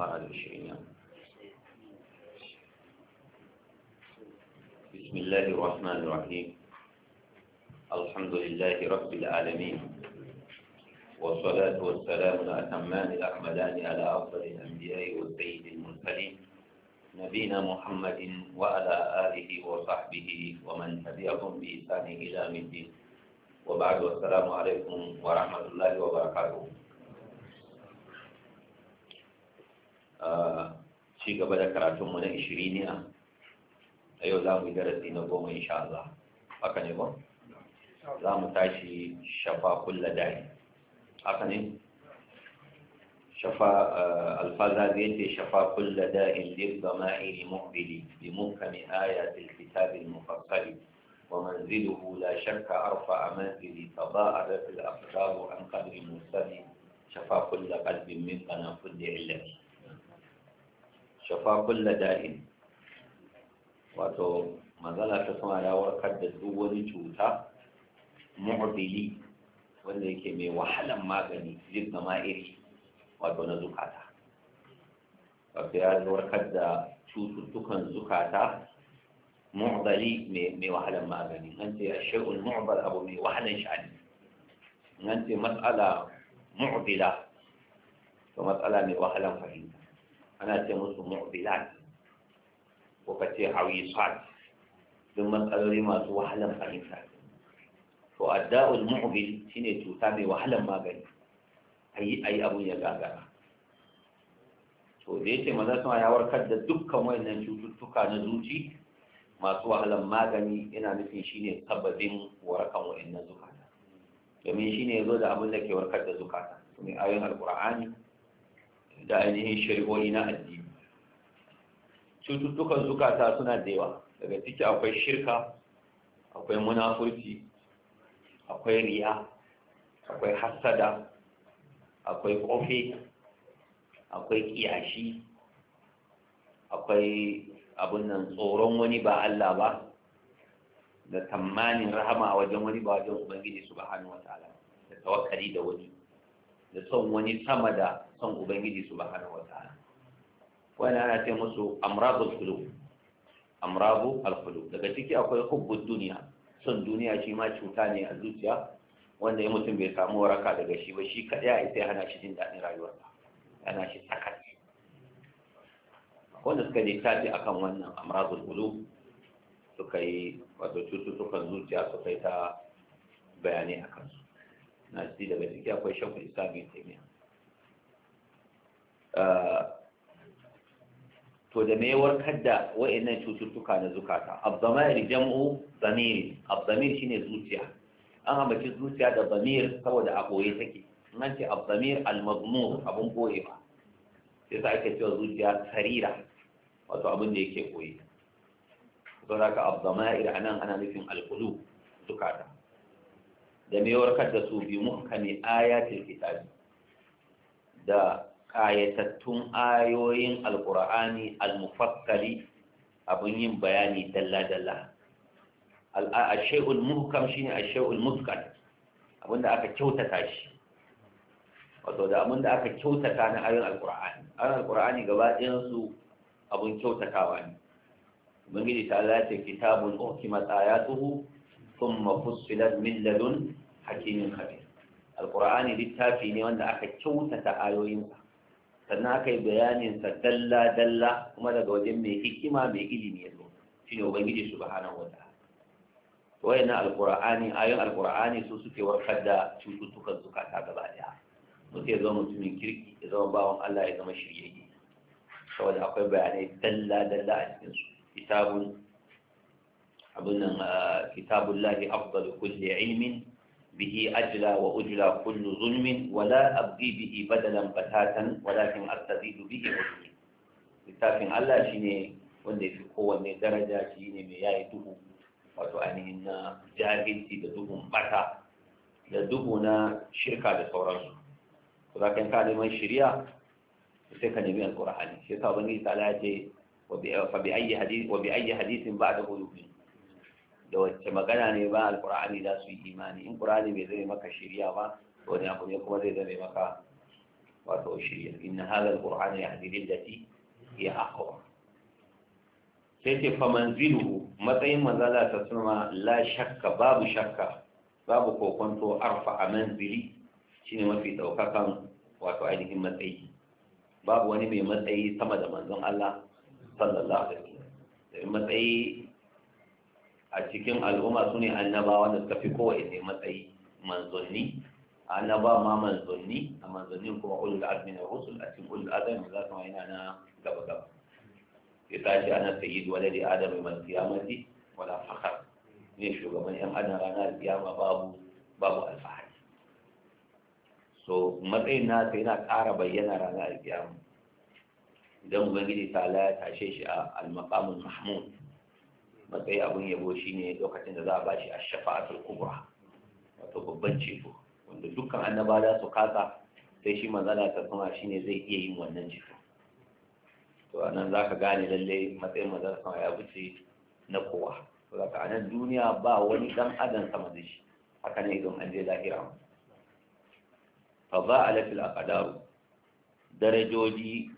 على نعم. 20 بسم الله الرحمن الرحيم الحمد لله رب العالمين والصلاة والسلام الأتمان الأحمدان على أفضل الأنبياء والسيد المرسلين نبينا محمد وعلى آله وصحبه ومن تبعهم بإحسان إلى الدين وبعد والسلام عليكم ورحمة الله وبركاته ci gaba da karatunmu na ishiriniya a yau za mu yi darasi na goma insha Allah haka ne ba za mu tashi shafa kulla dari haka ne shafa eh, alfaza zai ce shafa kulla da'in lil gama'i li muqbili bi muhkami ayatil kitabil mufassali ومنزله لا شك أرفع منزلي تضاءلت الأقدار عن قدر مرسلي شفى كل قلب من قنافذ علتي shafa kulla da'in wato manzala ta sama ya warkar da duk wani cuta mu'bili wanda yake mai wahalan magani zai zama iri wato na zukata wato ya warkar da cututtukan zukata mu'bali mai wahalan magani an ce a shi'un mu'bal abu mai wahalan sha'ani an ce matsala mu'bila to matsala mai wahalan fahimta ana ce musu mu'bilat ko ka ce hawisat duk matsaloli masu wahalan fahimta to adda'ul mu'bil shine cuta mai wahalan magani ayi ayi abun ya gagara to da yake maza sama ya warkar da dukkan wayannan cututtuka na zuci masu wahalan magani yana nufin shine sababin warakan wayannan zukata domin shine yazo da abin da ke warkar da zukata ne ayoyin alqur'ani da ainihin shari'o'i na addini cututtukan zukata suna da yawa daga ciki akwai shirka akwai munafurci akwai riya akwai hassada akwai kofi akwai kiyashi akwai abin nan tsoron wani ba Allah ba da tamanin rahama a wajen wani ba wajen ubangiji subhanahu wataala da tawakkali da wani da son wani sama da son ubangiji wata ana wani ana ce musu amrabu alkulu amrabu alkulu daga ciki akwai hubbun duniya son duniya shi ma cuta ne a zuciya wanda ya mutum bai samu waraka daga shi ba shi kaɗai a ita ya hana shi jin daɗin rayuwarsa yana shi tsakar wanda suka littafi akan wannan amrabu alkulu suka yi wato cututtukan zuciya suka yi ta bayanai a kansu. na ciki daga ciki akwai shakul islami taimiya ah, to da me warkar da wa'annan cututtuka na zukata abdamari jam'u zamiri abdamir shine zuciya an ambaci zuciya da zamir saboda a koye take nan ce abdamir almazmur abun koye ba sai sa ake cewa zuciya sarira wato abin da yake boye don haka abdamair anan ana nufin alqulub zukata da mai warkar da su bi muhkami ayatul kitabi da kayatattun ayoyin alqur'ani almufakkari abun yin bayani dalla dalla al-shay'ul muhkam shine al-shay'ul muskal abinda aka kyautata shi wato da abinda aka kyautata na ayoyin alqur'ani ayoyin alqur'ani gaba ɗayan su abun kyautatawa ne ubangiji ta Allah ya ce kitabun uhkimat ayatuhu ثم فصلت من لدن حكيم خبير القرآن littafi ne wanda aka kyautata ayoyinsa sannan aka yi bayaninsa dalla dalla kuma daga wajen mai hikima mai ilimi ya zo shi ne ubangiji subhanahu wa ta'ala wayannan alqur'ani ayoyin alqur'ani su suke warkar da cututtukan zukata gaba daya mutum ya zama mutumin kirki ya zama bawan Allah ya zama shiryayye saboda akwai bayanai dalla dalla a cikin su أبن كتاب الله أفضل كل علم به أجلى وأجلى كل ظلم ولا أبقي به بدلا بتاتا ولكن أستزيد به علمي كتاب الله شيني wanda ya fi kowanne daraja shi ne mai yayi duhu wato ainihin na jahilci da duhun bata da duhu na shirka da sauransu to za ka yi kalimar shirya sai ka nemi alkur'ani shi yasa ubangiji ta ce wa bi ayyi hadisin ba'dahu yu'min da wacce magana ne ba alkur'ani za su yi imani in kur'ani bai zai maka shirya ba wani abu ne kuma zai zame maka wato shirya inna hadha alqur'ana yahdi lillati ya aqwa sai ce fa manziluhu matsayin manzala ta suna la shakka babu shakka babu kokonto arfa a manzili shine mafi daukakan wato ainihin matsayi babu wani mai matsayi sama da manzon Allah sallallahu alaihi wasallam matsayi a cikin al'umma su ne annabawa da suka fi kowane matsayi manzanni annaba ma manzanni a manzannin kuma ulul azmi na rusul a cikin ulul azmi za su yana na gaba gaba ya tashi ana sayyid waladi adam mai kiyamati wala fakhar ne shugaban yan adam ranar kiyama babu babu alfahari so matsayin na sai yana ƙara bayyana ranar kiyama idan ubangiji ta ya tashe shi a al-maqamul mahmud matsayi abin yabo shine lokacin da za a bashi a shafaatul kubra wato babban ceto wanda dukkan annaba za su kasa sai shi da ta kuma shine zai iya yin wannan ceto to a nan za ka gane lalle matsayin manzala sama ya wuce na kowa to a nan duniya ba wani dan adam sama da shi haka ne idan an je lahira fa a fil aqdaru darajoji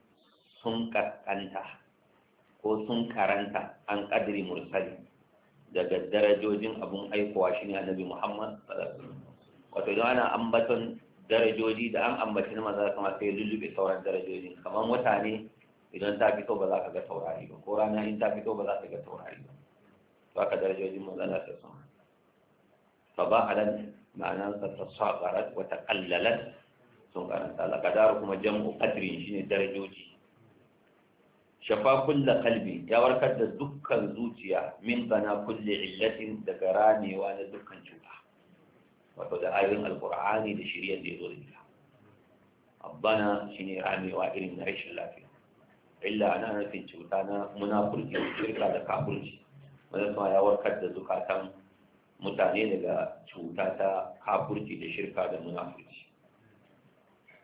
sun kaskanta ko sun karanta an kadiri mursali daga darajojin abun aikowa ne annabi Muhammad wato idan ana ambaton darajoji da an ambaci na maza kama sai lullube sauran darajoji kamar mutane idan ta fito ba za ka ga taurari ba ko rana in ta fito ba za ka ga taurari ba to aka darajojin maza za ta sama fa ba halan ma'anar sa ta sagarat wa ta kallalat sun karanta alƙadar kuma jam'u qadrin shine darajoji shafa kulla kalbi ya warkar da dukkan zuciya min bana kulle illatin daga ramewa na dukkan cuta wato da ayoyin alkur'ani da shirya da ya zo da ita abbana shine ramewa irin na rashin lafiya illa ana nufin cuta na munafurci shirka da kafurci wanda kuma ya warkar da zukatan mutane daga cuta ta kafurci da shirka da munafurci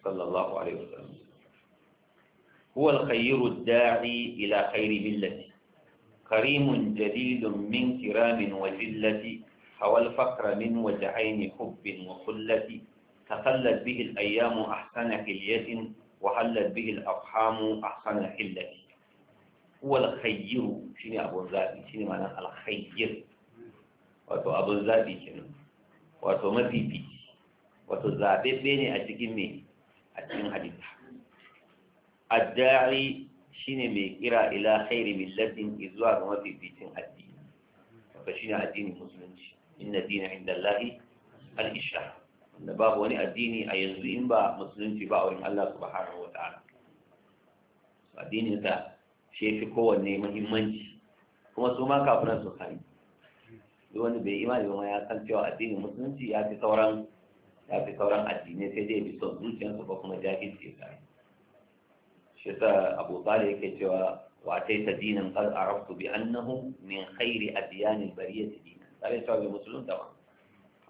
sallallahu alaihi wasallam هو الخير الداعي إلى خير ملة كريم جديد من كرام وجلة حوى الفقر من وجعين حب وخلة تخلت به الأيام أحسن حلية وحلت به الأرحام أحسن حلة هو الخير شنو أبو الزابي شنو معنى الخير wato أبو الزابي شنو wato mafifi wato zaɓe ne a cikin me مني cikin halitta Addari shi ne mai kira ila khairi millatin zuwa ga mafificin addini ba shine addinin musulunci inna dina inda Allahi al-islam da babu wani addini a yanzu in ba musulunci ba a wurin Allah subhanahu wa ta'ala addinin ka shi fi kowanne muhimmanci kuma su ma kafinan su kai duk wani bai imani ba ya san cewa addinin musulunci ya fi sauran ya fi sauran addinai sai dai bi son zuciyarsa ko kuma jahilci ya kai shi sa abu talib yake cewa wa ataita Arab qad bi annahu min khairi adyanil bariyati dinan sai cewa bai musulunta ba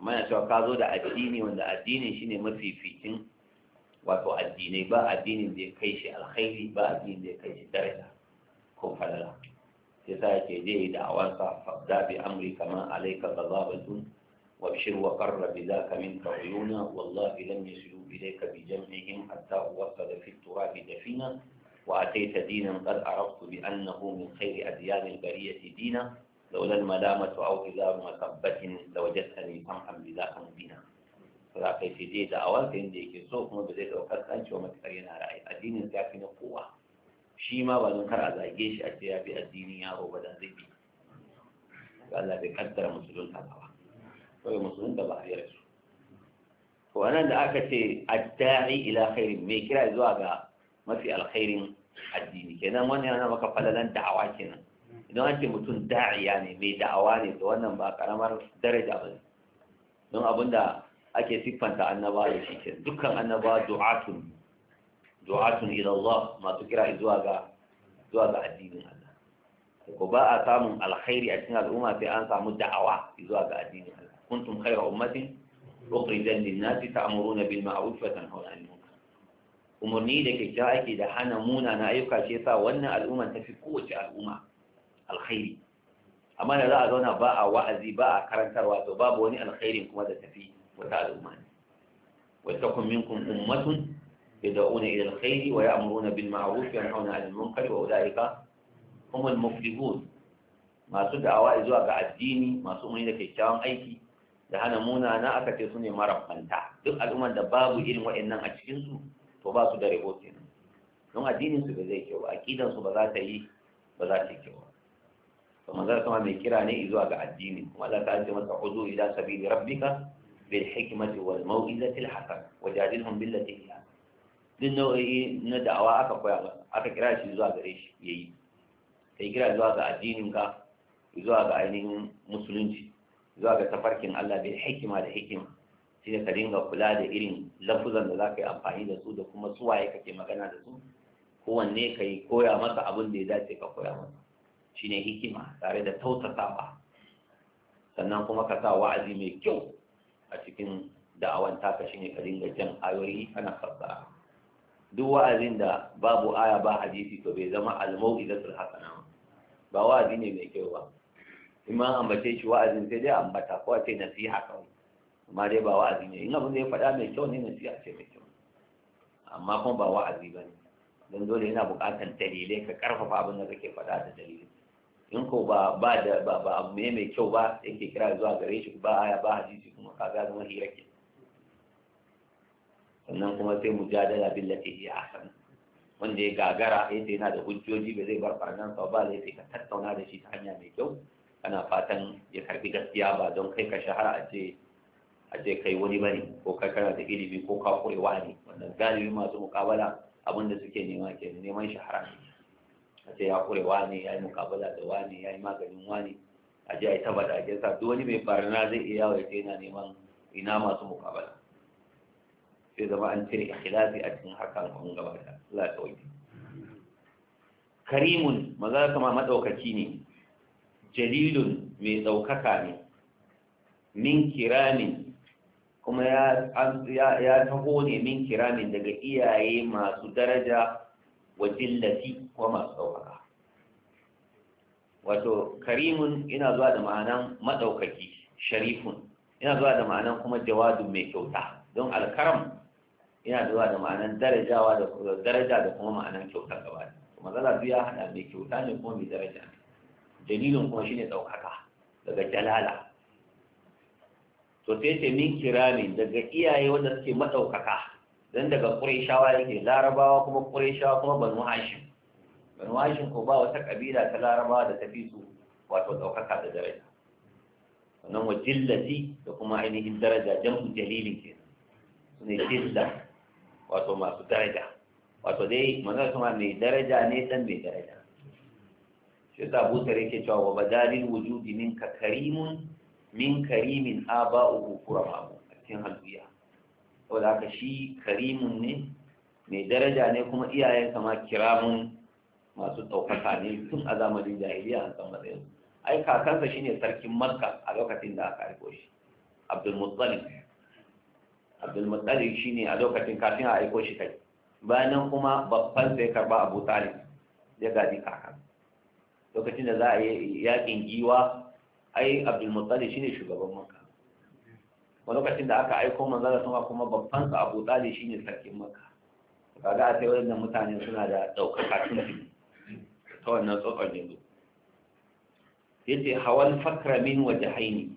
amma yana cewa ka zo da addini wanda addini shine mafificin wato addinai ba addinin da ya kai shi alkhairi ba addinin da ya kai shi daraja ko falala sai sa yake je da awansa fabda bi amri kama alayka tun. وابشر وقر بذاك منك عيونا والله لم يسلوا إليك بجمعهم حتى وصل في التراب دفينا وأتيت دينا قد عرفت بأنه من خير أديان البرية دينا لولا الملامة أو إذا مثبة لوجدتني سمحا بذاك مبينا فلا كيف دي دعوة فإن دي كسوف ما بدأت أوقات أنت وما تكرينا رأي الدين سيكون قوة شيما ونكر على جيش أتيا بأديني يا رب ذنبي فالله بقدر مسلم هذا kawai musulunta ba a yi rasu to da aka ce a da'i ila khairin mai kira zuwa ga mafi alkhairin addini kenan wannan yana maka falalan da'awa kenan idan an ce mutum da'iya ne mai da'awa ne to wannan ba karamar daraja ba ne don abinda ake siffanta annabawa da shi kenan dukkan annabawa du'atun du'atun ila Allah masu kira zuwa ga zuwa ga addinin Allah ko ba a samun alkhairi a cikin al'umma sai an samu da'awa zuwa ga addinin Allah كنتم خير أمة أخرجا للناس تأمرون بالمعروف وتنهون عن المنكر umarni da kyakkyawa ake da hana munana ayyuka ce sa wannan al'umma ta fi kowace al'umma alkhairi amma da za a zauna ba a wa'azi ba a karantarwa to babu wani alkhairin kuma da tafi wata al'umma ne wata kun minkum ummatun yad'una ila alkhairi wa ya'muruna bil ma'ruf wa yanhauna 'anil masu da'awa zuwa ga addini masu umarni da kyakkyawan aiki da hana munana aka ce su ne marabanta duk al'ummar da babu irin wa'annan a cikinsu to ba su da rabo kenan don addinin su ba zai kyau aqidan su ba za ta yi ba za ta yi kyau to manzon sama mai kira ne zuwa ga addini kuma Allah ta ce masa uzu ila sabili rabbika bil hikmati wal mau'izati al hasana wajadilhum billati hiya din nau'i na da'awa aka koya aka kira shi zuwa gare shi yayi kai kira zuwa ga addinin ka zuwa ga ainihin musulunci zuwa ga tafarkin Allah bai hikima da hikima ne ka dinga kula da irin lafuzan da za ka yi amfani da su da kuma suwaye kake magana da su kowanne ka yi koya masa abin da ya dace ka koya masa shine hikima tare da tausasawa sannan kuma ka sa wa'azi mai kyau a cikin da'awan taka shine ka dinga jan ayoyi ana fassara duk wa'azin da babu aya ba hadisi to bai zama al-mau'izatul hasana ba wa'azi ne mai kyau ba imma an ambace shi wa'azin sai dai ambata ko a ce nasiha kawai amma dai ba wa'azi ne ina mun da ya faɗa mai kyau ne nasiha ce mai kyau amma kuma ba wa'azi ba ne don dole yana buƙatar dalilai ka ƙarfafa abin da kake faɗa da dalilai in ko ba ba da ba ba abu ne mai kyau ba yake kira zuwa gare shi ba aya ba hadisi kuma ka ga zama hira ke sannan kuma sai mujadala billati ya ahsan wanda ya gagara yadda yana da hujjoji ba zai bar farnan sa ba zai ka tattauna da shi ta hanya mai kyau ana fatan ya karbi gaskiya ba don kai ka shahara a ce a ce kai wani bane ko kai kana da ilimi ko ka kure wani wannan galibi masu mukabala abin da suke nema ke neman shahara a ce ya kure wani ya yi mukabala da wani ya yi maganin wani a ji a yi tabbata a sa duk wani mai barna zai iya yawo ya ce yana neman ina masu mukabala sai zama an cire ikhlasi a cikin hakan kun gaba da Allah ta wuce karimun maza kama madaukaki ne jalilun mai ɗaukaka ne min kiramin kuma ya taho ne min kiramin daga iyaye masu daraja wa jillafi ko masu ɗaukaka wato karimun ina zuwa da ma'anan maɗaukaki sharifun ina zuwa da ma'anan kuma jawadun mai kyauta don alkaram ina zuwa da ma'anan darajawa da daraja da kuma ma'anan kyautar gaba da matsala biya hada mai kyauta ne kuma mai daraja dalilin kuma shine daukaka daga dalala to sai ce min kirami daga iyaye wanda suke madaukaka don daga qurayshawa yake larabawa kuma qurayshawa kuma banu hashim banu hashim ko ba wata ƙabila ta larabawa da ta fi su wato daukaka da daraja sannan wa jillati da kuma ainihin daraja jam'u jalilin ke sune ne jilla wato masu daraja wato dai manzara kuma mai daraja ne dan mai daraja shi da abu tare ke cewa wa dalil wujudi ka karimun min karimin kura kuramahu a cikin halbiya saboda haka shi karimun ne mai daraja ne kuma iyayen kama kiramun masu ɗaukaka ne tun a zamanin jahiliya an san matsayin ai kakansa shine sarkin makka a lokacin da aka aiko shi abdulmuttalib abdulmuttalib shine a lokacin kafin a aiko shi kai bayan kuma babban sai karba abu talib ya gaji kakansa lokacin da za a yi yakin giwa ai abdulmutsali shine shugaban maka wani lokacin da aka aiko manzara sama kuma babban sa abu tsali shine sarkin maka kaga a sai wadannan mutane suna da ɗaukaka tun ta wannan tsokar yanzu yace hawan fakra min waje haini,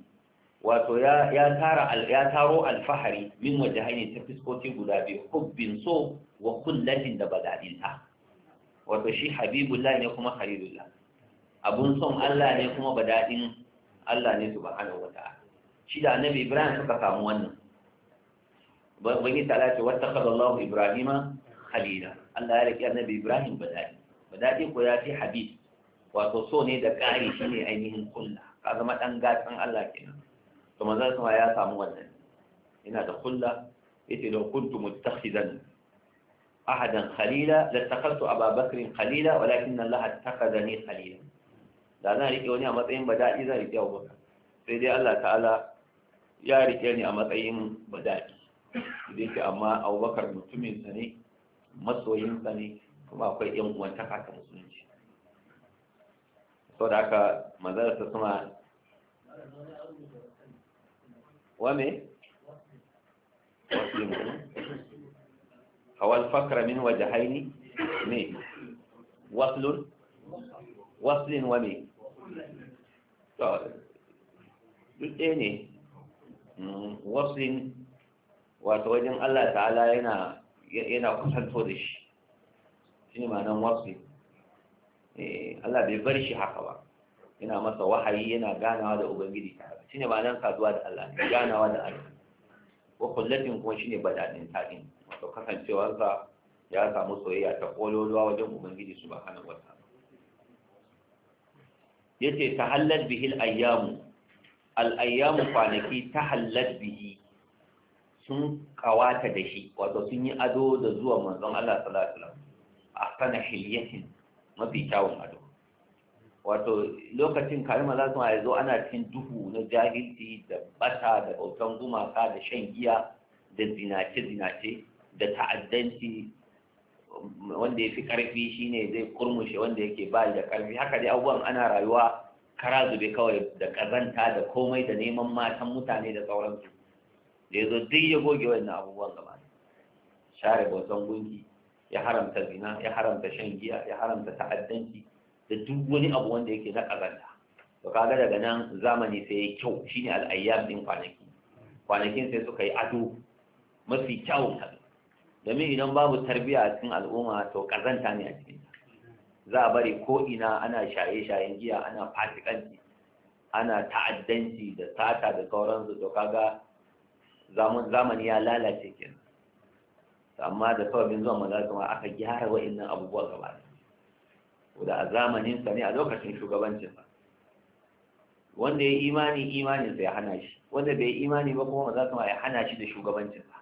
wato ya taro alfahari min waje haini ta fiskoci guda biyu hubbin so wa kullatin da badalin ta wato shi habibullah ne kuma Halilullah. abun son Allah ne kuma ba daɗin Allah ne su subhanahu wa ta'ala shi da annabi Ibrahim suka samu wannan wani tala ce wata Allahu Ibrahima Khalila Allah ya riƙe annabi Ibrahim ba daɗi ba daɗi ko ya fi Habib wato so ne da ƙari shi ne ainihin kulla ka zama ɗan gatsan Allah kenan to manzon sama ya samu wannan Ina da kulla yace da kuntu muttakhidan ahadan khalila la takhadtu Abu Bakr khalila walakin Allah attakhadani khalila da zan rike wani a matsayin bada'i zan rike abu sai dai Allah ta'ala ya rike ni a matsayin bada'i idan ke amma abubakar mutumin sa ne masoyin sa ne kuma akwai yan uwanta haka musulunci sau da haka manzara ta suna wame wasu hawal fakara min haini ne waslun waslin wame to duk ɗaya ne mm, wasu wato wajen Allah ta'ala yana yana kusanto da shi shi ne ma'anan wasu eh, Allah bai bar shi haka ba yana masa wahayi yana ganawa da ubangiji ta shi ne ma'anan saduwa da Allah ne ganawa da Allah ko kullatin kuma shi ne badaɗin taɗin wato kasancewarsa ya samu soyayya ta ƙololuwa wajen ubangiji su ba hana wata yace ce bihi hallar ayyamu al’ayyamu kwanaki kwanaki Hallar bihi sun kawata da shi wato sun yi ado da zuwa manzon Allah sallallahu a wasallam ahsana hilyatin mafi kyawun ado wato lokacin kalima za su zo ana cikin duhu na jahilci da bata da bautan gumaka da shan giya da zinace zinace da ta'addanci wanda ya fi karfi ne zai kurmushe wanda yake ba da karfi haka dai abubuwan ana rayuwa kara zube kawai da kazanta da komai da neman matan mutane da sauransu da ya zo duk ya goge wannan abubuwan gaba share bautan gungi ya haramta zina ya haramta shan giya ya haramta ta'addanci da duk wani abu wanda yake na kazanta to kaga daga nan zamani sai ya kyau shine al'ayyam din kwanaki kwanakin sai suka yi ado mafi kyawun kaza domin idan babu tarbiya a cikin al'umma to kazanta ne a cikin za a bari ko ina ana shaye-shayen giya ana fasikanci ana ta'addanci da sata da sauransu to kaga zamani ya lalace kenan amma da sababin zuwa maza kuma aka gyara wa'annan abubuwa gaba da a zamanin sa ne a lokacin shugabancin sa wanda ya imani imanin sa ya hana shi wanda bai imani ba kuma maza kuma ya hana shi da shugabancin sa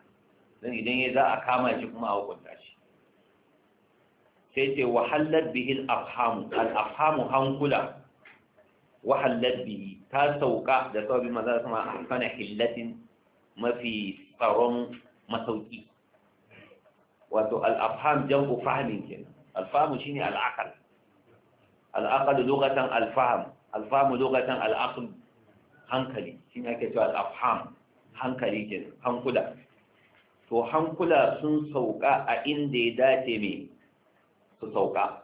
don idan ya za a kama shi kuma a hukunta shi sai ce wahallar bihin al'afhamu hankula wahallar bihi ta sauka da sababin maza sama a sana hillatin mafi tsaron masauki wato al'afham jam'u fahimin kenan alfahamu ne al'akal al'akal lokacin alfaham alfahamu lokacin al'akal hankali shine ake cewa al'afham hankali kenan hankula to hankula sun sauka a inda ya dace mai su sauka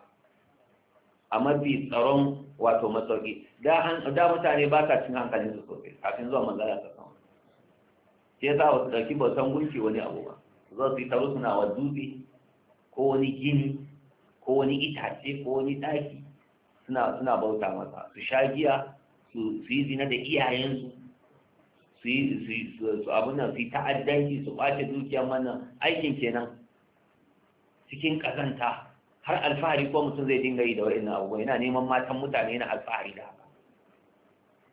a mafi tsaron wato matsauki, da mutane ba sa cin hankalin su sosai kafin zuwa manzara ta sama shi ya a wasu ɗauki bautan gunki wani abu ba za su yi taro suna wa dutse ko wani gini ko wani itace ko wani ɗaki suna bauta masa su sha giya su yi zina da iyayensu su yi su abin nan su yi ta'addanci su ɓace dukiyar mana aikin kenan cikin ƙazanta har alfahari ko mutum zai dinga yi da wa'in abubuwa yana neman matan mutane na alfahari da haka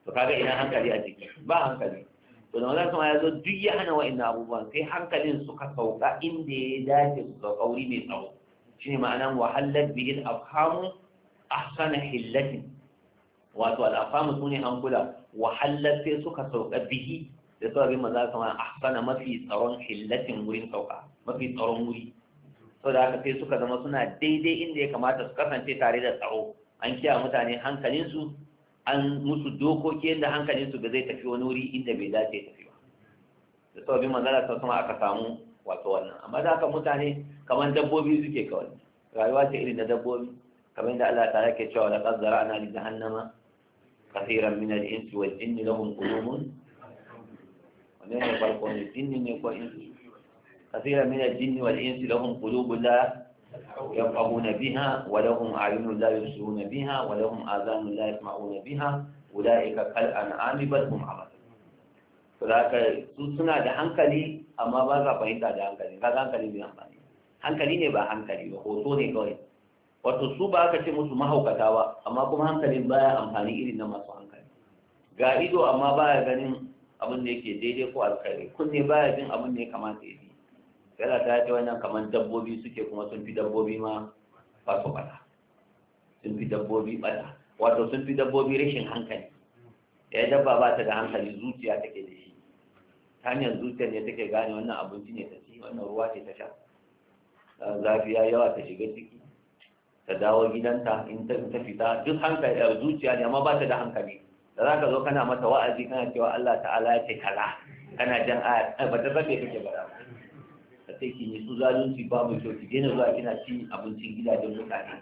to kaga ina hankali a jiki ba hankali to da wannan kuma ya zo duk ya hana wa'in abubuwa sai hankalin suka sauka inda ya dace su ka kauri mai tsawo shine ma'anan wahalar bihi al-afhamu ahsana hillatin wato al'afamu sune an wahallar sai suka sauka bihi da su abin maza kamar ahsana mafi tsaron hillatin wurin sauka mafi tsaron wuri sau da haka sai suka zama suna daidai inda ya kamata su kasance tare da tsaro an kiya mutane hankalinsu an musu dokoki yadda hankalinsu ba zai tafi wani wuri inda bai dace tafi ba da sau abin maza ta sama aka samu wato wannan amma da haka mutane kamar dabbobi suke kawai rayuwa ce irin na dabbobi kamar yadda Allah ta ke cewa laqad zara'na li jahannama كثيرا من الإنس والجن لهم قلوب ومن يفرقون الجن والإنس كثيرا من الجن والإنس لهم قلوب لا يفقهون بها ولهم أعين لا يبصرون بها ولهم آذان لا يسمعون بها أولئك كالأنعام بل هم عبث فذاك سنا ده hankali amma ba za fahimta da hankali kaga hankali bai amfani hankali ne ba hankali ba hoto ne kawai wato su ba aka ce musu mahaukata ba amma kuma hankalin baya amfani irin na masu hankali ga ido amma baya ganin abin da yake daidai ko alkhairi kunne baya jin abin da ya kamata ya ji yana ta ce wannan kamar dabbobi suke kuma sun fi dabbobi ma ba su bata sun fi dabbobi bata wato sun fi dabbobi rashin hankali da ya dabba ba ta da hankali zuciya take da shi ta hanyar zuciya ne take gane wannan abinci ne ta ci wannan ruwa ce ta sha zafi ya yawa ta shiga ciki ta dawo gidanta in ta fita duk hankali a zuciya ne amma ba ta da hankali da za ka zo kana mata wa'azi kana cewa Allah ta'ala ya ce kala kana jan aya ba ta rabe kake ba ka ce ki ne su zalunci ba mu kyau ki daina zuwa kina ci abincin gidajen mutane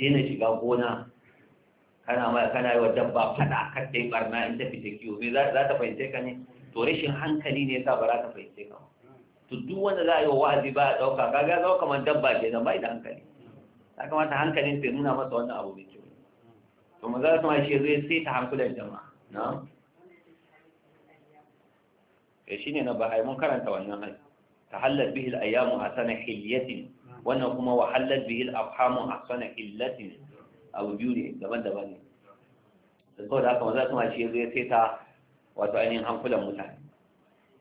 daina shiga gona kana mai kana yi wa dabba fada kar dai barna in ta fita kiwo me za ta fahimce ka ne to rashin hankali ne yasa ba za ta fahimce ka to duk wanda za a yi wa wa'azi ba a dauka kaga ya zama kamar dabba kenan ba da hankali ya kamata hankalin sai nuna masa wannan abu mai kyau to mu za su ma shi zai sai ta hankulan jama'a na ya eh, shi ne na bahai mun karanta wannan hai ta hallar bihil ayyamu a sana hilyatin wannan kuma wa hallar bihil afhamu a sana hillatin abu biyu ne daban-daban ne da da haka maza su ma shi zai sai ta wato ainihin hankulan mutane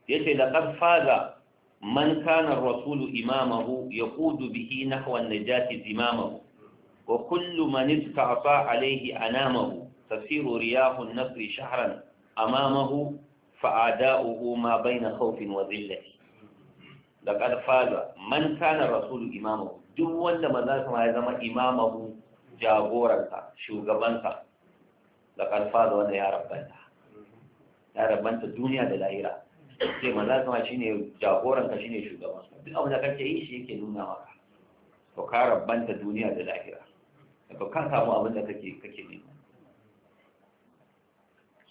ya ce da ƙarfa man kana rasulu imamahu yaqudu bihi nahwa an-najati zimamahu wa kullu man alayhi anamahu tasiru riyahu nasri shahran amamahu fa'ada'uhu ma bayna khawfin wa dhillati laqad faza man kana rasulu imamahu duk wanda maza sama ya zama imamahu jagoranta, shugabanta, da kalfaza wanda ya rabbanta ya rabbanta duniya da lahira sai maza shi ne jagoran ka ne shugaban duk abin da kake yi shi yake nuna maka to ka rabanta duniya da lahira to kan samu abin da kake kake nema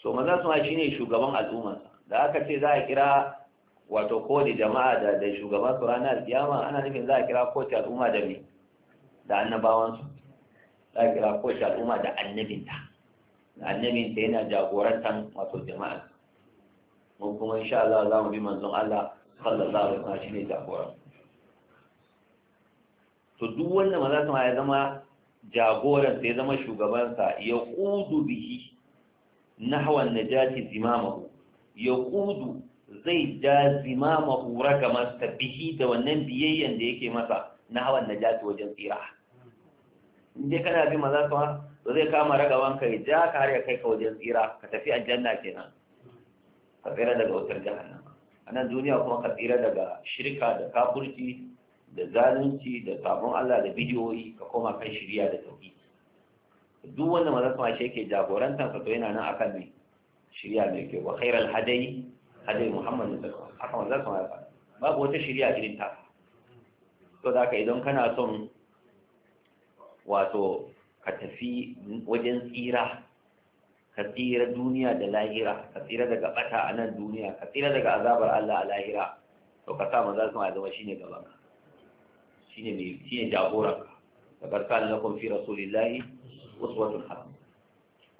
so maza shi ne shugaban al'umma da aka ce za a kira wato ko da jama'a da da shugaban su ranar kiyama ana nufin za a kira kowace al'umma da me da annabawansu za a kira kowace al'umma da annabinta annabinta yana jagorantar wato jama'a mun kuma insha Allah za mu bi manzon Allah sallallahu alaihi wasallam shine jagora to duk wanda maza sama ya zama jagoran sai zama shugabansa ya qudu bihi nahwa najati zimamahu ya qudu zai da zimamahu rakamarsa bihi da wannan biyayyan da yake masa nahwa najati wajen tsira inda kana bi maza sama zai kama ragawan ya ja ka har ya kai ka wajen tsira ka tafi aljanna kenan ka tsira daga wutar jahannan. a nan duniya kuma ka tsira daga shirka da kafurci da zalunci da sabon Allah da bidiyoyi ka koma kan shirya da tauki duk wanda maza kuma shi yake jagoranta ka to yana nan akan ne shirya mai kyau wa khairal hadai hadai muhammadu sallallahu alaihi wasallam haka maza kuma babu wata shirya irin ta to da ka idan kana son wato ka tafi wajen tsira ka tsira duniya da lahira ka tsira daga bata a nan duniya ka tsira daga azabar Allah a lahira to ka sa maza kuma ya zama shine gaban ka shine mai shine jagoran ka laqad kana lakum fi rasulillahi uswatun hasana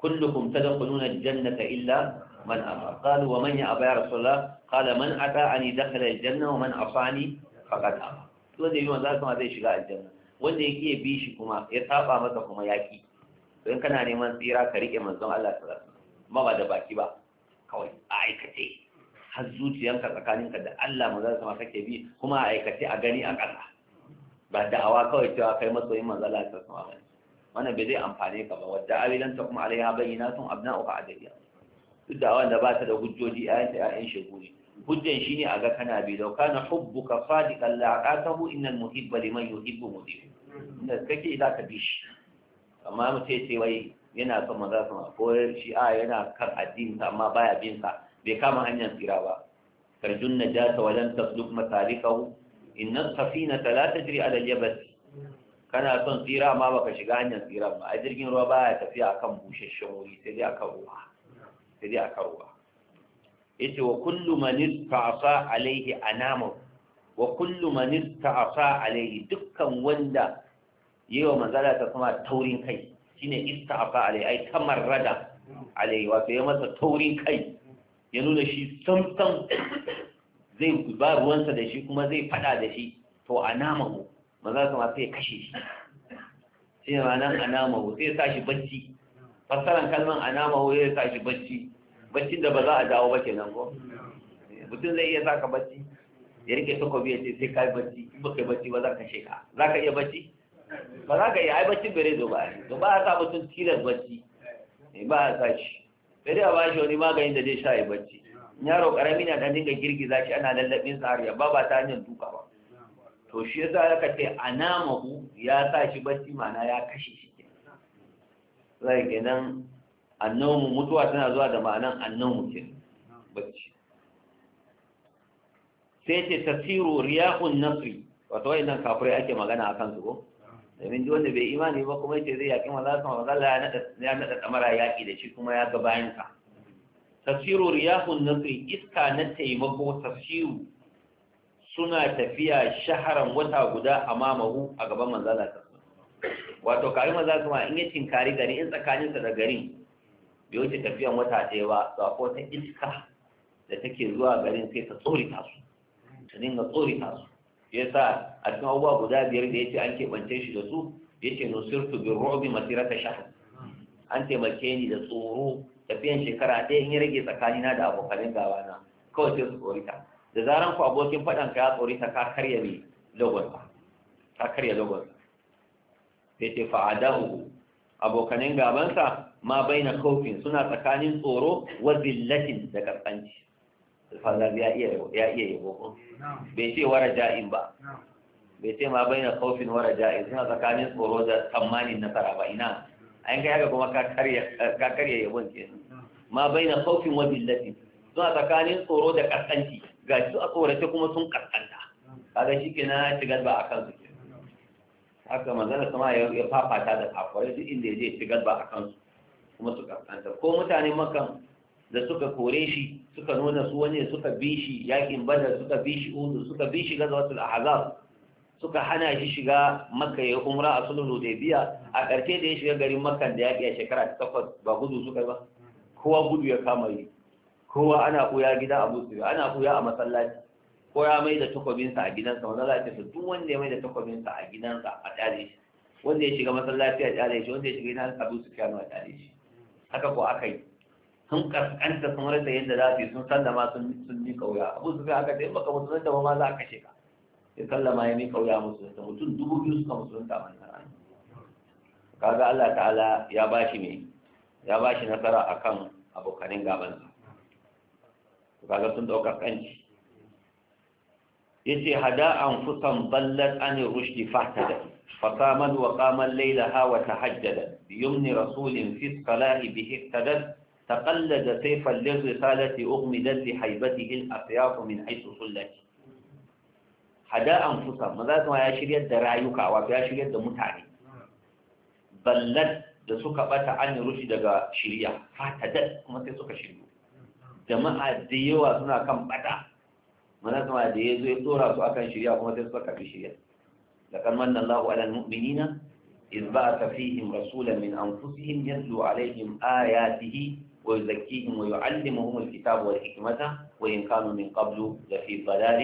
kullukum tadkhuluna al-jannata illa man aba qalu wa man ya'aba ya rasulullah qala man ata'ani dakhala al-janna wa man afani faqad aba to da yi maza kuma zai shiga aljanna wanda yake bi shi kuma ya saba masa kuma yaki don kana neman tsira ka riƙe manzon Allah ta ma ba da baki ba kawai a aikace har zuciyanka tsakaninka da Allah mu za su ma kake bi kuma a aikace a gani a ƙasa ba da'awa kawai cewa kai masoyin manzon Allah ta sama bane wannan bai zai amfane ka ba wadda awilan ta kuma alaiha bayyinatun a adadiya duk da wanda ba ta da hujjoji a ta ya'yan shekuri hujjan shine a ga kana bi lau kana hubbuka sadiqan la aqatahu innal muhibba liman yuhibbu mudib inda kake za ka bi shi amma mu ya ce wai yana son maza su ko shi a yana kan addini amma baya bin bai kama hanyar tsira ba karjun najasa walan tasluk masalikahu inna safinata la tajri ala jabal kana son tsira amma baka shiga hanyar tsira ba a jirgin ruwa baya tafiya akan bushashshen wuri sai dai akan ruwa sai dai akan ruwa yace wa kullu man ista'sa alaihi anama wa kullu man ista'sa alaihi dukkan wanda yi wa manzala ta kuma taurin kai shine ista'afa alai yi kamar rada alai wato ya masa taurin kai ya nuna shi sam sam zai ba ruwansa da shi kuma zai fada da shi to a anamahu manzala kuma sai kashe shi shi ne a namahu sai sa shi bacci fassaran kalmar namahu ya sa shi bacci baccin da ba za a dawo ba ke nan ko mutum zai iya ka bacci ya rike takobi ya ce sai ka yi bacci in yi bacci ba za ka sheka za ka iya bacci ba za ka yi ai bacci bere zo ba to ba a sa mutum tilas bacci ne eh, ba a sa shi sai a ba shi wani maganin da zai sha ya bacci yaro karami na dan dinga girgiza shi ana lallabin sa har ya ba ba ta hanyar duka ba to shi yasa aka ce anamahu ya sa shi bacci mana ya kashe shi zai kenan annomu mutuwa tana zuwa da ma'anan annomu ke bacci sai ce tasiru riyahun nasri wato wayannan kafirai ake magana a kansu ko domin duk wanda bai imani ba kuma yace zai yaƙi maza sama naɗa ya nada ya nada yaƙi da shi kuma ya ga bayan sa tafsiru riyahun nasri iska na taimako tafsiru suna tafiya shaharan wata guda a mamahu a gaban manzala ta wato kari maza kuma in ya tinkari gari in tsakaninsa da gari bai wuce tafiyan wata ɗaya ba to ta iska da take zuwa garin sai ta tsori ta su tsori su ya sa a cikin abubuwa guda biyar da ya ce an keɓance shi da su ya ce nusirtu bin ro'bi masirata shahar an taimake ni da tsoro tafiyan shekara ɗaya in ya rage tsakanina da abokanin gawa na kawai sai su tsorita da zaran ku abokin faɗan ka ya tsorita ka karya ne logon ka karya logon ya ce fa'adahu abokanin gabansa ma bai na kofin suna tsakanin tsoro wa zillatin da kaskanci fallab ya iya yabo ko bai ce wara ja'in ba bai ce ma bai na kofin wara ja'in suna tsakanin tsoro da tsammanin nasara ba ina an ga yaga kuma ka karya yabon ke ma bai na kofin wa lafi suna tsakanin tsoro da kaskanci ga su a tsorace kuma sun kaskanta kaga shi ke na shigar ba a kansu ke haka manzana sama ya fafata da kafarai duk inda ya je shigar ba a kansu kuma su kasanta ko mutane makan da suka kore shi suka nuna su wani suka bi shi yakin badar suka bi shi udu suka bi shi gazawatul ahzab suka hana shi shiga makka ya umra a sulhu da biya, a ƙarshe da ya shiga garin makka da yaƙi a shekara ta takwas ba gudu suka ba kowa gudu ya kama yi kowa ana koya gida a busu ana koya a masallaci ko ya mai da takobinsa a gidansa wanda za ta duk wanda ya mai da takobinsa a gidansa a tsare shi wanda ya shiga masallaci a tsare shi wanda ya shiga gidan abu su kyanu a tsare shi haka ko aka yi sun kaskanta sun rasa yadda za su yi sun sallama sun mi kauya abu su aka ce baka musulunta ba ma za a kashe ka sai sallama ya mi kauya musulunta mutum dubu biyu suka musulunta a wannan rana kaga Allah ta'ala ya ba shi me ya ba shi nasara akan abokanin gaban sa kaga sun dauka kanci yace hada anfusan ballat an rushdi fahtada فقامت وقام الليل ها وتهجدت بيمن رسول في الصلاة به اهتدت تقلد سيفا للرسالة أغمدت لحيبته الأفياف من حيث صلت حدا أنفسهم ماذا سوى يشير يد رايك ويشير يد متعني بلد da suka bata an rushi daga shirya fatadar kuma sai suka shirya jama'a da yawa suna kan bata mana sama da ya zo ya tsora su akan shirya kuma sai suka karbi muminina إذ بعث فيهم رسولا من أنفسهم يتلو عليهم آياته ويزكيهم ويعلمهم الكتاب والحكمة وإن كانوا من قبل لفي ضلال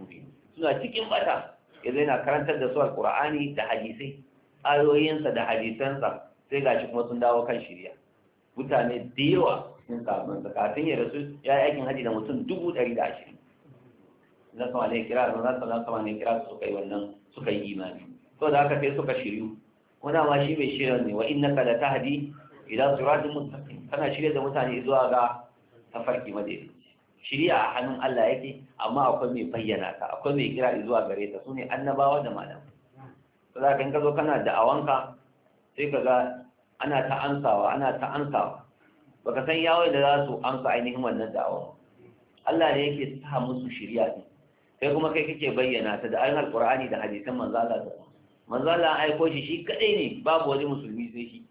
مبين suna cikin bata yanzu yana karantar da su alkur'ani da hadisai ayoyinsa da hadisansa sai ga shi kuma sun dawo kan shirya mutane da yawa sun samu zakatun ya rasu ya yi aikin haji da mutum dubu ɗari da ashirin na sama ne kira na sama sama ne kira su suka wannan suka yi imani shiryu wani shi mai shirin ne wa innaka la kana shirya da mutane zuwa ga tafarki madaidaici shirya a hannun Allah yake amma akwai mai bayyana ta akwai mai kira zuwa gare ta sune annabawa da malam to za ka zo kana da awanka sai ka ga ana ta ansawa ana ta ansawa baka san yawai da za su amsa ainihin wannan da'awa Allah ne yake sa musu shirya ne kai kuma kai kake bayyana ta da ayin alqur'ani da hadisan manzo Allah ta manzo Allah aiko shi shi kadai ne babu wani musulmi sai shi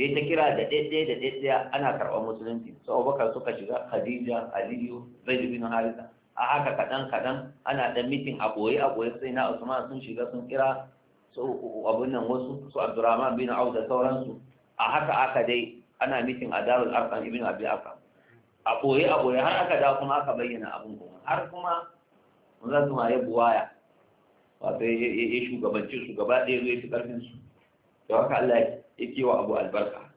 da ta kira da daidai da daidai ana karɓar musulunci su abubakar suka shiga khadija aliyu zaid bin harisa a haka kaɗan kaɗan ana ɗan mitin a ɓoye a ɓoye sai na usman sun shiga sun kira su abin nan wasu su abdurrahman bin auf da sauransu a haka aka dai ana mitin a darul arkan ibn abi arqam a ɓoye a ɓoye har aka dawo kuma aka bayyana abin kuma har kuma mun za su ma ya buwaya wato ya shugabanci shugaba ɗaya zai fi ƙarfinsu da haka Allah yake wa abu albarka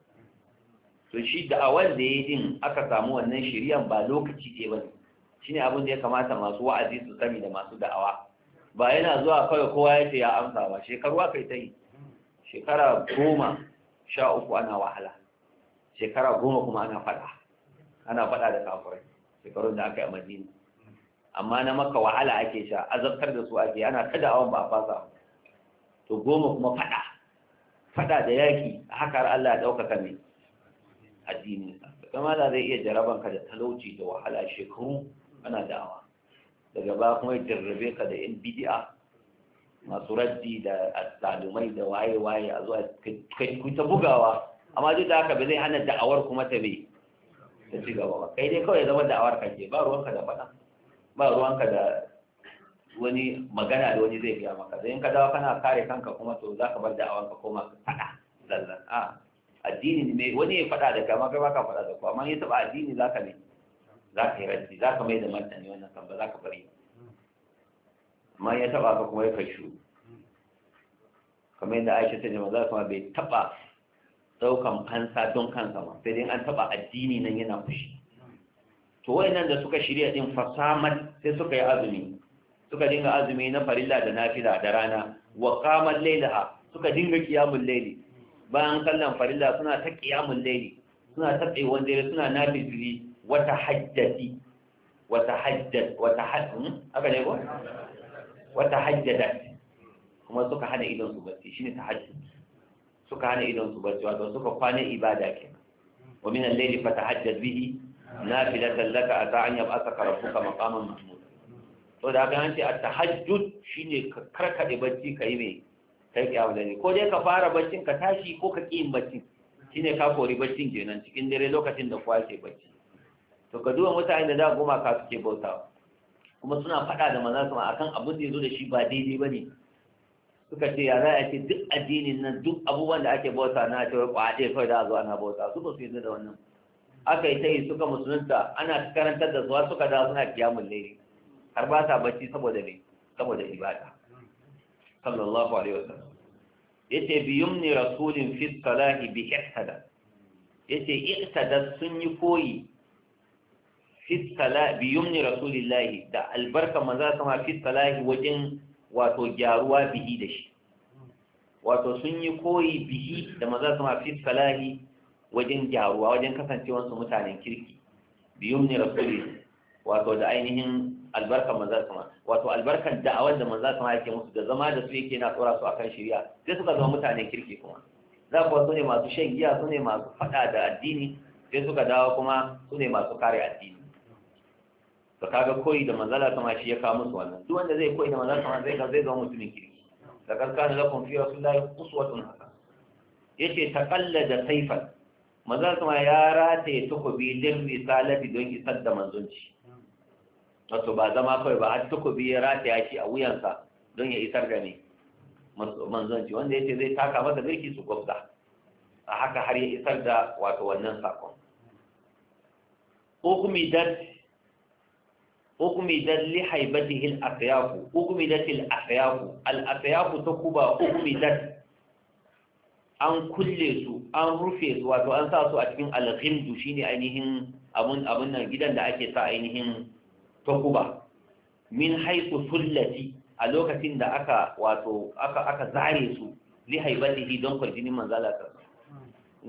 to shi da'awar da ya din aka samu wannan shiriyan ba lokaci ce ba shine abin da ya kamata masu wa'azi su sani da masu da'awa ba yana zuwa kawai kowa ya ce ya amsa ba shekaru aka yi ta yi shekara goma sha uku ana wahala shekara goma kuma ana fada ana fada da kafirai shekarun da aka yi a madina amma na maka wahala ake sha azabtar da su ake ana kada da'awan ba a fasa to goma kuma fada Faɗa da yaki a haka Allah ya ɗaukaka mai addinin ka kama da zai iya jaraban ka da talauci da wahala shekaru ana da'awa daga ba kuma ya jarrabe ka da yan bidi'a masu raddi da azzalumai da waye-waye a zuwa kai ta bugawa amma duk da haka ba zai hana da'awar kuma ta bai ta ci gaba ba kai dai kawai zama da'awar ka ke ba ruwanka da faɗa ba ruwanka da wani magana da wani zai biya maka zai ka dawo kana kare kanka kuma to za ka bar da awanka koma fada zallan a addini ne wani ya faɗa da kai amma kai baka faɗa da ku amma ya taɓa addini za ka ne za ka yi za ka mai da martani wannan kan ba za ka bari amma ya taɓa ka kuma ya kashu kamar yadda aisha ta jama maza kuma bai taɓa ɗaukan fansa don kansa ma sai dai an taɓa addini nan yana fushi to wayannan da suka shirya din fasamar sai suka yi azumi suka dinga azumi na farilla da nafila da rana wa qamal lailaha suka dinga qiyamul layli bayan sallan farilla suna ta qiyamul layli suna ta tsayuwan dare suna nafili wa tahajjati wa tahajjat wa tahajjum hmm? aka ne ko wa tahajjadat kuma suka hana idon su bacci shine tahajjud suka hana idon su bacci wato suka kwana ibada ke. wa min al-layli fatahajjat bihi nafilatan laka ata an yab'athaka rabbuka maqaman mahmud to da ga yanci a tahajjud shine ka karkade bacci ka yi mai kai kiyamu da ne ko dai ka fara baccin ka tashi ko ka ƙi baccin shine ka kori baccin kenan cikin dare lokacin da kowa ke bacci to ka duba mutane da za goma ka suke bauta kuma suna faɗa da maza sama akan abin da ya zo da shi ba daidai ba ne suka ce ya za a ce duk addinin nan duk abubuwan da ake bauta na ce wai kwaɗe kawai da zuwa na bauta su ba su yanzu da wannan aka yi ta yi suka musulunta ana karantar da zuwa suka da suna kiyamun laifi. har ba sa bacci saboda ne saboda ibada sallallahu alaihi wasallam yace bi yumni rasulin fi salahi bi ihtada yace ihtada sun yi koyi fi salahi bi yumni rasulillahi da albarka manzo sama fi salahi wajen wato gyaruwa bihi da shi wato sun yi koyi bihi da manzo sama fi salahi wajen gyaruwa wajen su mutanen kirki bi yumni rasulillahi wato da ainihin albarkan manzon sama wato albarkan da'awar da manzon sama yake musu da zama da su yake na tsora su akan shari'a sai suka zama mutane kirki kuma za ku su ne masu shan giya su ne masu faɗa da addini sai suka dawo kuma su ne masu kare addini to kaga koyi da manzala sama shi ya kawo musu wannan duk wanda zai koyi da manzala sama zai zai zama mutumin kirki da da lakum fi rasulillahi uswatun ce yace taqallada sayfan manzala sama ya rataye takobi lil risalati don isar da manzonci wato ba zama kawai ba har takobi ya rataya shi a wuyansa don ya isar da ne manzanci wanda ya ce zai taka masa birki su gwabza a haka har ya isar da wato wannan sakon ukumidat li haibatihi al hukumi ukumidat al asayaku al-afyaku ta kuba ukumidat an kulle su an rufe su wato an sa su a cikin al shine ainihin abun abun nan gidan da ake sa ainihin ta kuba min haiku sullati a lokacin da aka wato aka aka zare su li haibatihi don kwarjinin manzala ta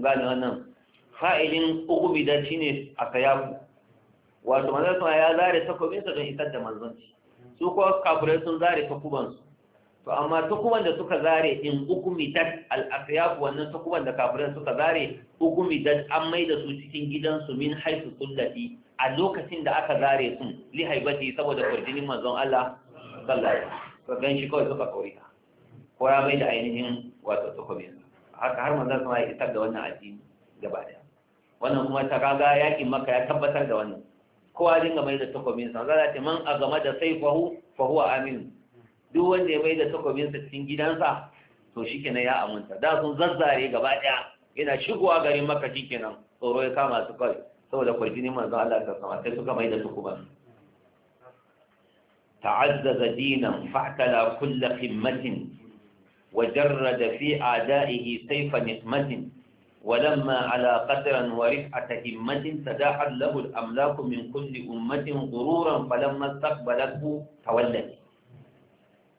gane wannan fa'ilin da shine a sayaku wato manzala ya zare takobinsa don isar da manzanci su kuwa kafirai sun zare takubansu to amma takuban da suka zare in ukumitat al-afyaf wannan takuban da kafirai suka zare ukumitat an maida su cikin gidansu min haisu sullati a lokacin da aka zare sun li haibati saboda kurjinin manzon Allah sallallahu alaihi gan shi kawai suka kauri ta kora mai da ainihin wato tukumin haka har manzon sama ya isar da wannan addini gaba daya wannan kuma ta kaga yaki maka ya tabbatar da wannan kowa dinga mai da tukumin sa zaka ce man agama da saifahu fa huwa amin duk wanda ya mai da tukumin sa cikin gidansa to shikenan ya aminta da sun zazzare gaba daya yana shigowa garin maka shikenan tsoro ya kama su kai saboda kwarfi ne manzan Allah ta sama kai suka mai da su kuma ta'azzaza dinan fa'tala kulla qimmatin wa jarrada fi adaihi sayfa nismatin wa lamma ala qadran wa rif'ata himmatin tadahal lahu al-amlaku min kulli ummatin ghururan falamma istaqbalahu tawalla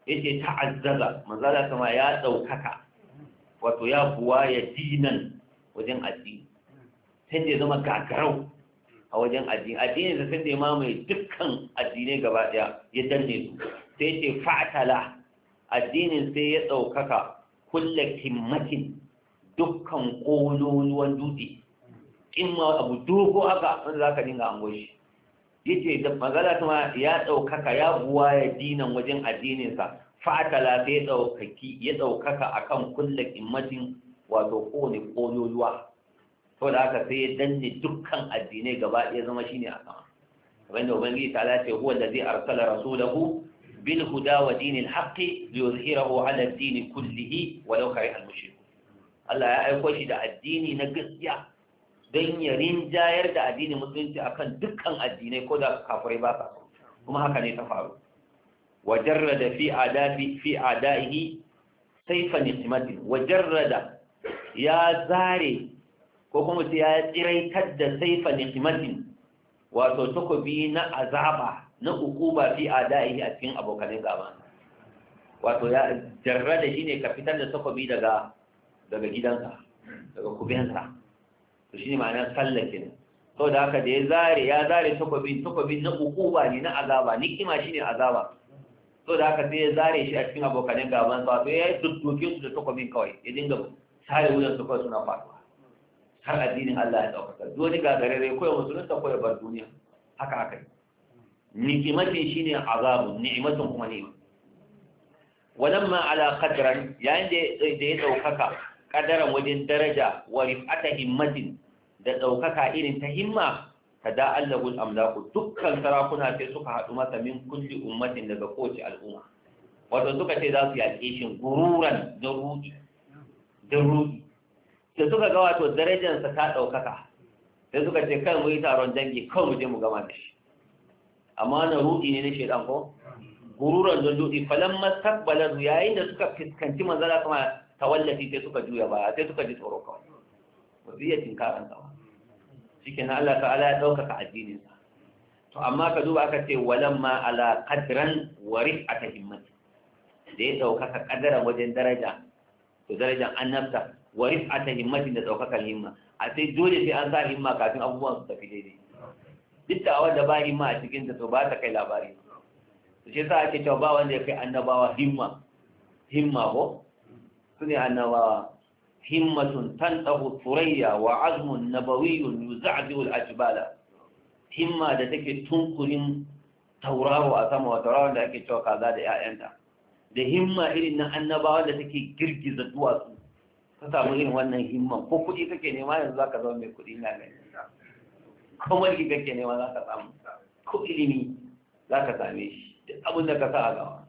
yace ta'azzaza manzala kama ya daukaka wato ya kuwa ya wajen addini sai da ya zama gagarau a wajen addini addini da sai da ya mamaye dukkan addinai gaba daya ya danne su sai ce fatala addinin sai ya ɗaukaka kulla kimmatin dukkan ƙololuwan dutse in ma abu dogo haka wanda za ka dinga ango Ya yace da magana kuma ya ɗaukaka ya buwa ya dinan wajen addininsa fatala sai ya ɗaukaki ya ɗaukaka akan kulla kimmatin wato kowane ƙololuwa to da aka sai ya danne dukkan addinai gaba ɗaya zama shine a sama wanda ubangiji ta lafi huwa rasu arsala rasulahu bil huda wa dinil haqqi li yuzhirahu ala ad-din kullihi walau kare al-mushrikun Allah ya aiko shi da addini na gaskiya don ya rinjayar da addinin musulunci akan dukkan addinai ko da kafirai ba sa kuma haka ne ta faru wajarrada fi adafi fi adaihi sayfa nismatin wajarrada ya zare ko kuma sai ya tsiraitar da saifa nikimatin wato takobi na azaba na ukuba fi adaihi a cikin abokanin gaba wato ya jarra da shi ne ka fitar da takobi daga daga gidansa daga kubensa to shine ma'ana sallakin to da haka da ya zare ya zare takobi takobi na ukuba ne na azaba nikima shine azaba to da haka sai ya zare shi a cikin abokanin gaban sa sai ya dudduke su da takobin kawai ya dinga sare wuyan su kawai suna faɗuwa har addinin Allah ya ɗaukaka dole gagarare ko ya musulunta ko ya bar duniya haka haka ni'imatin shine azabu ni'imatin kuma ni'ima walamma ala qadran yayin da ya ɗaukaka ƙadaran wajen daraja wa rif'ata himmatin da ɗaukaka irin ta himma ta kada allahul amlaku dukkan sarakuna sai suka haɗu masa min kulli ummatin daga kowace al'umma wato suka ce za su yaƙe shi gururan da da ruɗi da suka ga wato darajarsa ta ɗaukaka sai suka ce kan mu yi taron dangi kan mu je mu gama da shi amma na ruɗi ne na shaidan ko gururan don jodi falan mastaqbalar yayin da suka fuskanci manzala kuma tawallafi sai suka juya baya sai suka ji tsoro kawai waziyatin karan sama na Allah ta'ala ya ɗaukaka addinin sa to amma ka duba aka ce ma ala qadran wa rif'ata himmati da ya ɗaukaka qadaran wajen daraja to darajan annabta a ta himmatin da daukakar himma a sai dole sai an sa himma kafin abubuwan su tafi daidai duk da wanda ba himma a cikin ta to ba ta kai labari to shi yasa ake cewa ba wanda ya kai annabawa himma himma ko sune annabawa himmatun tsahu turayya wa azmun nabawiyyun yuz'adu al himma da take tunkurin tauraro a sama wa tauraron da ake cewa kaza da 'ya'yanta da himma irin na annabawa da take girgiza duwatsu ka samu yin wannan himman ko kuɗi kake nema yanzu za ka zama mai kuɗi na gani ko mulki kake nema za ka samu ko ilimi za ka same shi duk abin da ka sa a gawa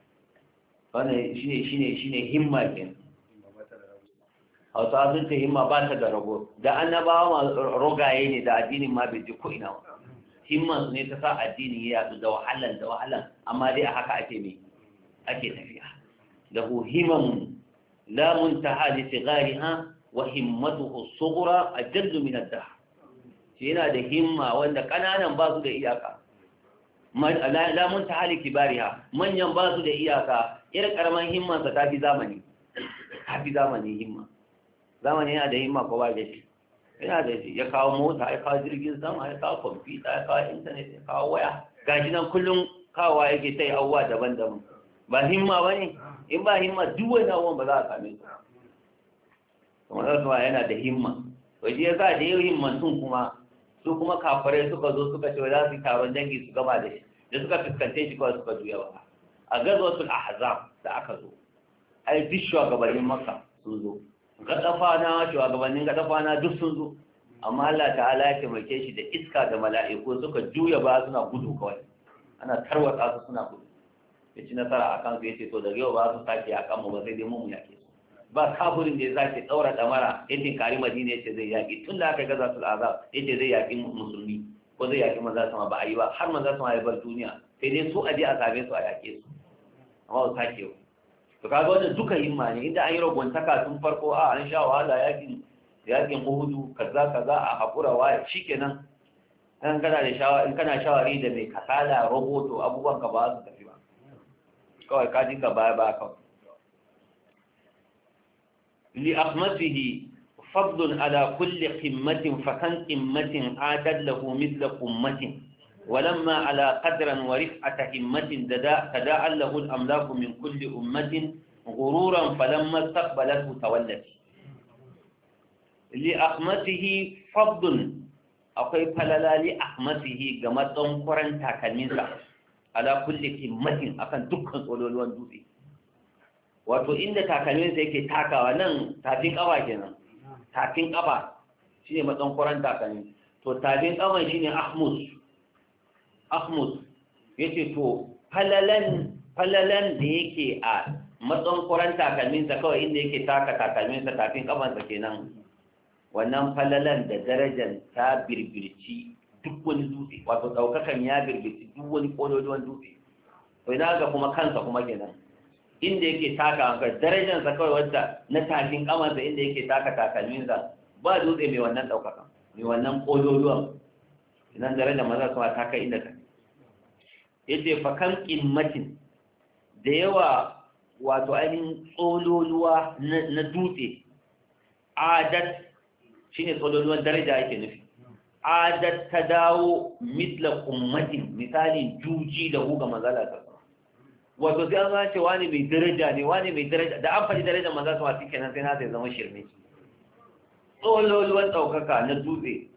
wannan shine shine shine himma kenan hausa sun ce himma ba ta da rago da annabawa ma rogaye ne da addinin ma bai je ko ina ba himman su ne ta sa addinin ya yadu da wahalan da wahalan amma dai a haka ake ne ake tafiya da hu himamun لا منتهى لصغارها وهمته الصغرى أجل من الدهر yana da himma wanda kananan ba su da iyaka la muntaha li kibariha manyan ba su da iyaka irin karaman himman sa fi zamani tafi zamani himma zamani yana da himma ko ba da shi yana da shi ya kawo mota ya kawo jirgin sama ya kawo kwamfuta ya kawo intanet ya kawo waya gashi nan kullum kawowa yake ta yi abubuwa daban-daban ba himma ba ne in ba himma duk wani abubuwan ba za a same su kuma za su yana da himma waje ya sa da yau himman sun kuma su kuma kafarai suka zo suka ce za su yi taron dangi su gama da shi da suka fuskance shi kawai suka juya ba a gazwatul ahzab da aka zo ai duk shugabannin maka sun zo gadafa na shugabannin gadafa na duk sun zo amma Allah ta'ala ya taimake shi da iska da mala'iku suka juya ba suna gudu kawai ana tarwatsa su suna gudu ya ci nasara a kansu ya ceto, to daga yau ba su sake a kanmu ba sai dai mun yake su ba kafirin da ya sake ɗaura ɗamara yadda kari madina ya ce zai yaƙi tun da aka gaza su azab ya ce zai yaƙi musulmi ko zai yaƙi maza sama ba a yi ba har maza sama ya bar duniya sai dai su je a same su a yaƙe su amma su sake ba to kaga wannan duka himma ne inda an yi ragwantaka tun farko a an sha wahala yaƙin yaƙin uhudu kaza kaza a haƙura waya shikenan kan kana da shawari in kana shawari da mai kasala rahoto abubuwan ka ba su kawai ka dinga baya ba ka li ahmatihi fadlun ala kulli qimmatin fa kan qimmatin adad lahu mithl qummatin wa lamma ala qadran wa rif'ata himmatin dada kada allahu al-amlaku min kulli ummatin ghururan fa lamma taqbalahu tawallat li ahmatihi fadlun akwai falala li ahmatihi ga matsan kuran takalminsa ala kulli qimmatin akan dukkan tsololuwan dutse wato inda takalmin sa yake takawa nan tafin kafa kenan tafin kafa shine matsan kuran takalmin to tafin kafa shine ahmus ahmus yace to falalan falalan da yake a matsan kuran takalmin sa kawai inda yake taka takalmin sa tafin sa kenan wannan falalan da darajar ta birbirci duk wani dutse wato ɗaukakan ya birbici duk wani ƙololuwan dutse to idan ga kuma kansa kuma kenan inda yake taka hankali sa kawai wadda na takin kamarsa inda yake taka takalminsa ba dutse mai wannan daukaka mai wannan ƙololuwan idan darajar maza kuma ta kai inda ta yace fa kan qimmatin da yawa wato ainihin tsololuwa na dutse adat shine tsololuwan daraja yake nufi adat ta dawo mitla ummatin misali juji da hu ga ta wato sai an zace wani mai daraja ne wani mai daraja da an faɗi darajar manzala sama cikin nan sai na sai zama shirme tsololuwan ɗaukaka na dutse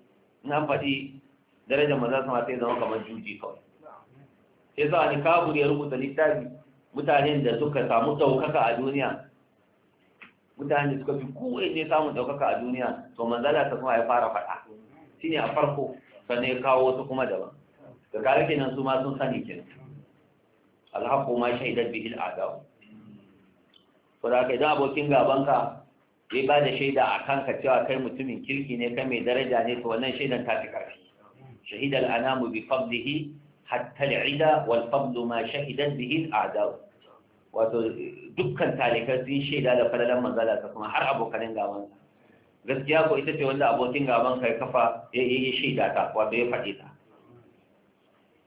na faɗi darajar manzala sama sai zama kamar juji kawai sai za a ni kabur ya rubuta littafi mutanen da suka samu ɗaukaka a duniya mutanen da suka fi kowa ne samun ɗaukaka a duniya to manzala ta sama ya fara faɗa shine a farko sannan ya kawo wasu kuma daban da kare nan su ma sun sani kenan alhaqu ma shahidat bihi al'adab ko da ka idan abokin gabanka ya ba da shaida a kanka cewa kai mutumin kirki ne kai mai daraja ne to wannan shaidan ta fi karfi shahida al'anamu bi fadlihi hatta al'ida wal fadlu ma shahidat bihi al'adab wato dukkan talikai sun shaida da falalan manzala ta kuma har abokanin gabanka gaskiya ko ita ce wanda abokin gaban kai kafa ya yi da ta wato ya faɗi ta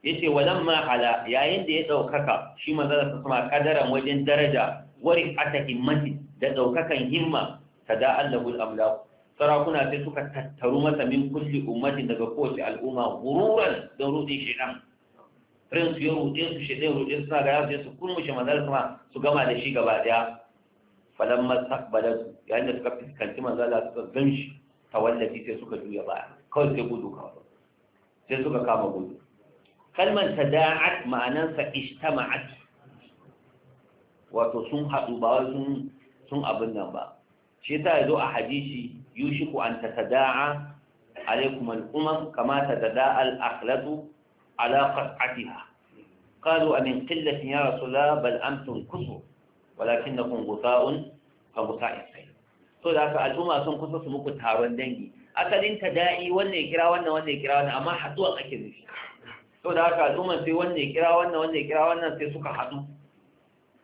yace walan ma hala yayin da ya ɗaukaka shi manzon su kuma kadaran wajen daraja wari ata himmati da ɗaukakan himma da Allahu al sarakuna sai suka tattaru masa min kulli ummati daga kowace al'umma gururan don rudin nan. prince ya rudin su shedan rudin su ga ya su kurmushe manzon su gama da shi gaba ɗaya. falan mastaqbalat yayin da suka fuskanci manzala suka ganshi tawallafi sai suka juya baya kawai sai gudu kawai sai suka kama gudu kalmar tada'at ma'anansa ijtama'at wato sun haɗu ba wai sun sun abin nan ba shi ta zo a hadisi yushiku an tatada'a عليكم الأمم كما تتداعى الأخلة على قطعتها قالوا أمن قلة يا رسول الله بل أنتم كثر walakin na kun gusa'un ka gusa'in sai so da haka al'umma sun kusa su muku taron dangi asalin ta da'i wannan ya kira wannan wannan ya kira wannan amma haduwan ake nufi so da haka al'umma sai wannan ya kira wannan wannan ya kira wannan sai suka haɗu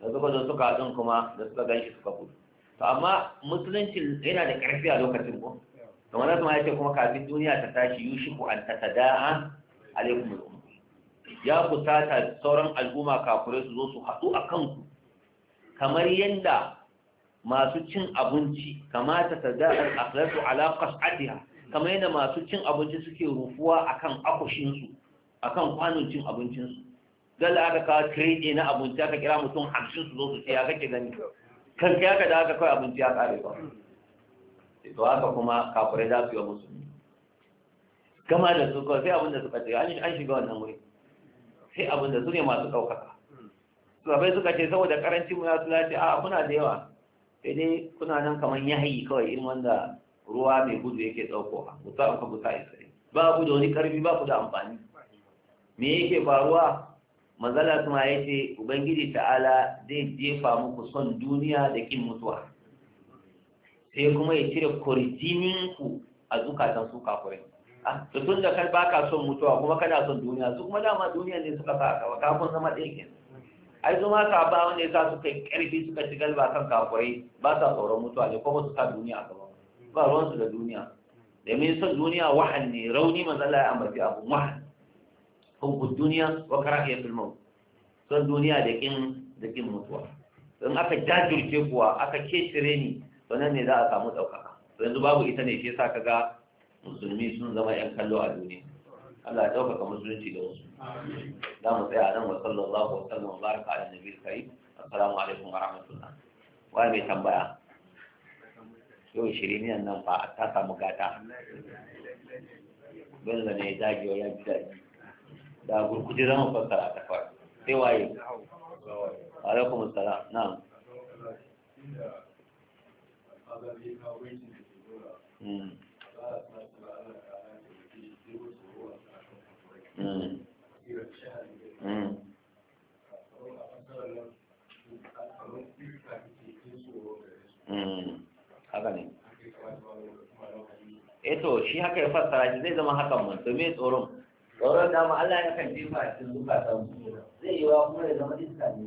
da suka zo suka haɗu kuma da suka ganshi suka gudu to amma musulunci yana da ƙarfi a lokacin ko kamar na zama ya ce kuma kafin duniya ta tashi yushi ku an ta tada'a alaikum al'umma ya kusata sauran al'umma kafirai su zo su haɗu a kanku kamar yadda masu cin abinci kamata ta a akhlasu ala adiya kamar yadda masu cin abinci suke rufuwa akan akushinsu akan kwanon cin abincinsu dole aka kawo kredi na abinci aka kira mutum hamsin su zo su ce ya kake gani kan kai aka da aka kawai abinci ya kare ba to haka kuma kafirai za su yi wa musulmi gama da su kawai sai abinda suka ce an shiga wannan wuri sai abinda su ne masu ɗaukaka sabai suka ce saboda karancin mu ya su lati a kuna da yawa sai dai kuna nan kamar yahayi kawai irin wanda ruwa mai gudu yake ɗaukowa musa aka musa isra'i ba ku da wani karfi ba ku da amfani me yake faruwa manzala kuma ya ce ubangiji ta'ala zai jefa muku son duniya da kin mutuwa sai kuma ya cire kurjininku a zukatan su kafurai da ah, tun da kan baka son mutuwa kuma kana son duniya su kuma dama duniya ne suka sa ka kafin zama ɗaya kenan ai zuma ka ba wanda ya sa suka yi karfi suka ci galba kan kafurai ba sa tsoron mutuwa ne kuma su sa duniya a gaba ba ruwansu da duniya min son duniya wahan ne rauni manzala ya ambaci abun wahan hukun duniya wa fil maut son duniya da kin da kin mutuwa dan aka jajirce kuwa aka kecire ni to nan ne za a samu ɗaukaka to yanzu babu ita ne shi yasa kaga musulmi sun zama yan kallo a duniya Allah ya ɗaukaka musulunci da wasu za mu tsaya a nan wa sallallahu wa sallam wa baraka ala nabi karim assalamu alaikum wa rahmatullah wa mai tambaya yau ne nan fa ta samu gata bello ne dagewa ya ji daɗi da gurkuje zama fassara ta fara sai waye alaikum salam na'am Mm. haka ne eto eh shi haka ya fassara shi zai zama hakan man to me tsoron tsoron dama Allah ya kan jefa cikin zukatan zai yi wa kuma ya zama iska ne